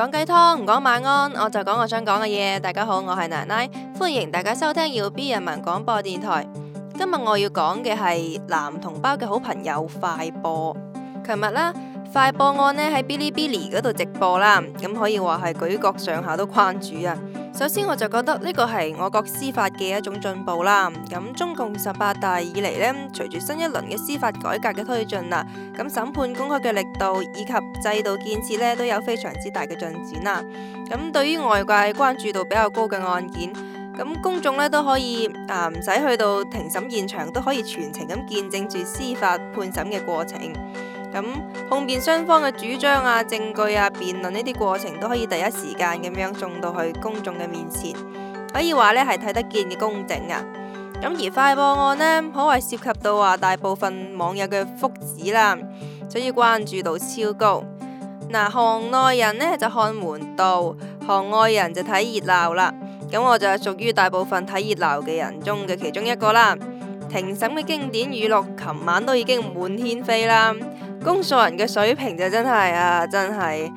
講雞湯唔講晚安，我就講我想講嘅嘢。大家好，我係奶奶，歡迎大家收聽耀 B 人民廣播電台。今日我要講嘅係男同胞嘅好朋友快播。琴日啦，快播案呢喺嗶哩嗶哩嗰度直播啦，咁可以話係舉國上下都關注啊。首先我就覺得呢個係我國司法嘅一種進步啦。咁中共十八大以嚟呢，隨住新一輪嘅司法改革嘅推進啦，咁審判公開嘅力度以及制度建設呢都有非常之大嘅進展啦。咁對於外界關注度比較高嘅案件，咁公眾呢都可以啊，唔使去到庭審現場，都可以全程咁見證住司法判審嘅過程。咁控辯雙方嘅主張啊、證據啊、辯論呢啲過程都可以第一時間咁樣送到去公眾嘅面前，可以話呢係睇得見嘅公正啊。咁而快播案呢，可謂涉及到話大部分網友嘅福祉啦，所以關注度超高。嗱，行內人呢，就看門道，行外人就睇熱鬧啦。咁我就係屬於大部分睇熱鬧嘅人中嘅其中一個啦。庭審嘅經典語錄，琴晚都已經滿天飛啦。公訴人嘅水平就真係啊，真係，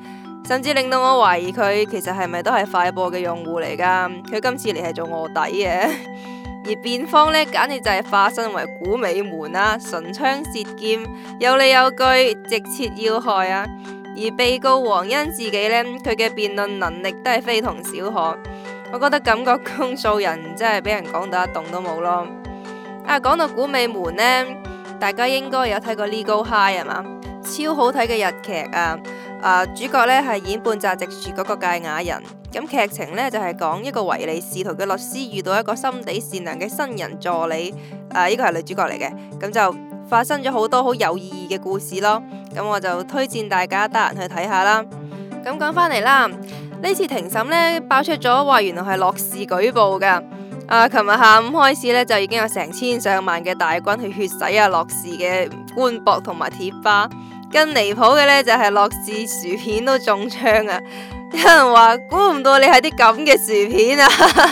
甚至令到我懷疑佢其實係咪都係快播嘅用戶嚟噶？佢今次嚟係做臥底嘅？ 而辯方呢，簡直就係化身為古美門啊，唇槍舌劍，有理有據，直切要害啊！而被告黃欣自己呢，佢嘅辯論能力都係非同小可，我覺得感覺公訴人真係俾人講到一動都冇咯。啊，講到古美門呢。大家應該有睇過《Legal High》係嘛，超好睇嘅日劇啊！啊、呃，主角咧係演半澤直樹嗰個堺雅人，咁劇情咧就係、是、講一個唯利是圖嘅律師遇到一個心地善良嘅新人助理，啊、呃，呢、這個係女主角嚟嘅。咁就發生咗好多好有意義嘅故事咯。咁我就推薦大家得閒去睇下啦。咁講翻嚟啦，呢次庭審咧爆出咗話，原來係樂視舉報噶。啊！琴日下午開始咧，就已經有成千上萬嘅大軍去血洗阿、啊、樂視嘅官博同埋貼吧。更離譜嘅呢，就係、是、樂視薯片都中槍啊！有人話估唔到你係啲咁嘅薯片啊，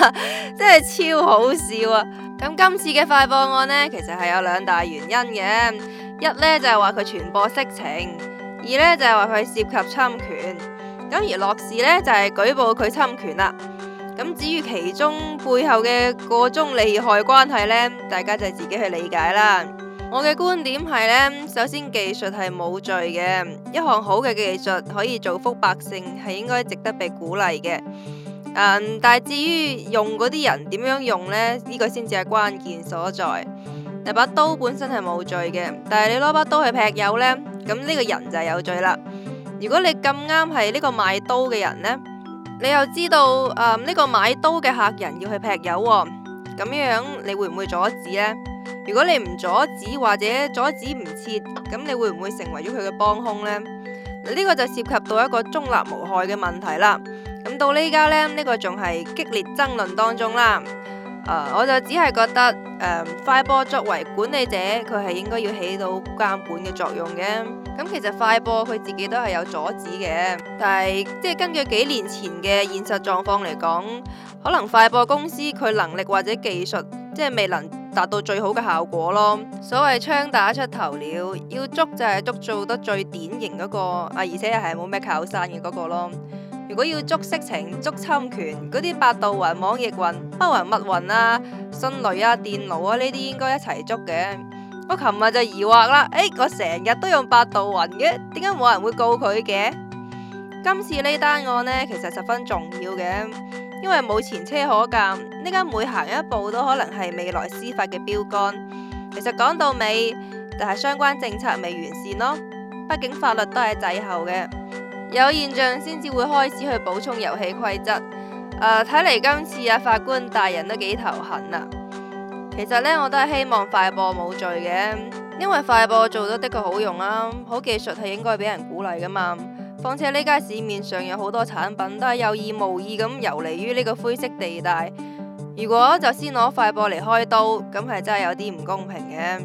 真係超好笑啊！咁今次嘅快播案呢，其實係有兩大原因嘅。一呢，就係話佢傳播色情，二呢，就係話佢涉及侵權。咁而樂視呢，就係、是、舉報佢侵權啦。咁至於其中背後嘅個中利害關係咧，大家就係自己去理解啦。我嘅觀點係咧，首先技術係冇罪嘅，一項好嘅技術可以造福百姓，係應該值得被鼓勵嘅。誒，但係至於用嗰啲人點樣用咧，呢個先至係關鍵所在。嗱，把刀本身係冇罪嘅，但係你攞把刀去劈友咧，咁呢個人就係有罪啦。如果你咁啱係呢個賣刀嘅人咧，.你又知道，誒、嗯、呢、這個買刀嘅客人要去劈友、哦，咁樣樣你會唔會阻止呢？如果你唔阻止或者阻止唔切，咁你會唔會成為咗佢嘅幫凶呢？呢、這個就涉及到一個中立無害嘅問題啦。咁到呢家呢，呢、這個仲係激烈爭論當中啦、呃。我就只係覺得，快、呃、播作為管理者，佢係應該要起到監管嘅作用嘅。咁其實快播佢自己都係有阻止嘅，但係即係根據幾年前嘅現實狀況嚟講，可能快播公司佢能力或者技術即係未能達到最好嘅效果咯。所謂槍打出頭鳥，要捉就係捉做得最典型嗰個啊，而且又係冇咩靠山嘅嗰個咯。如果要捉色情、捉侵權嗰啲，百度雲、網易雲、貓雲、密雲啊、迅雷啊、電腦啊呢啲應該一齊捉嘅。我琴日就疑惑啦，誒、欸,我成日都用百度雲嘅，點解冇人會告佢嘅？今次呢單案呢，其實十分重要嘅，因為冇前車可鑒，呢間每行一步都可能係未來司法嘅標杆。其實講到尾，就係相關政策未完善咯，畢竟法律都係滯後嘅，有現象先至會開始去補充遊戲規則。呃，睇嚟今次啊，法官大人都幾頭痕啊！其實呢，我都係希望快播冇罪嘅，因為快播做得的確好用啊，好技術係應該俾人鼓勵噶嘛。況且呢家市面上有好多產品都係有意無意咁游離於呢個灰色地帶，如果就先攞快播嚟開刀，咁係真係有啲唔公平嘅。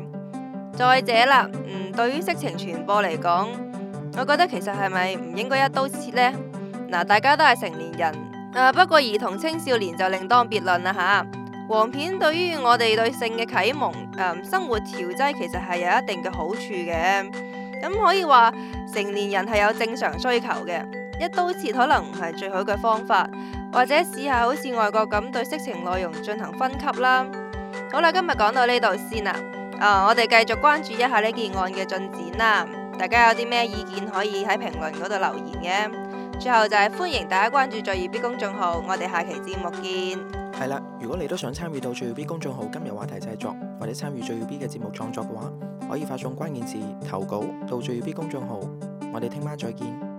再者啦，嗯，對於色情傳播嚟講，我覺得其實係咪唔應該一刀切呢？嗱，大家都係成年人，誒，不過兒童青少年就另當別論啦吓。黃片對於我哋對性嘅啟蒙，呃，生活調劑其實係有一定嘅好處嘅。咁可以話成年人係有正常需求嘅，一刀切可能唔係最好嘅方法，或者試下好似外國咁對色情內容進行分級啦。好啦，今日講到呢度先啦。誒，我哋繼續關注一下呢件案嘅進展啦。大家有啲咩意見可以喺評論嗰度留言嘅。最後就係歡迎大家關注最耀 B 公眾號，我哋下期節目見。係啦，如果你都想參與到最耀 B 公眾號今日話題製作，或者參與最耀 B 嘅節目創作嘅話，可以發送關鍵詞投稿到最耀 B 公眾號。我哋聽晚再見。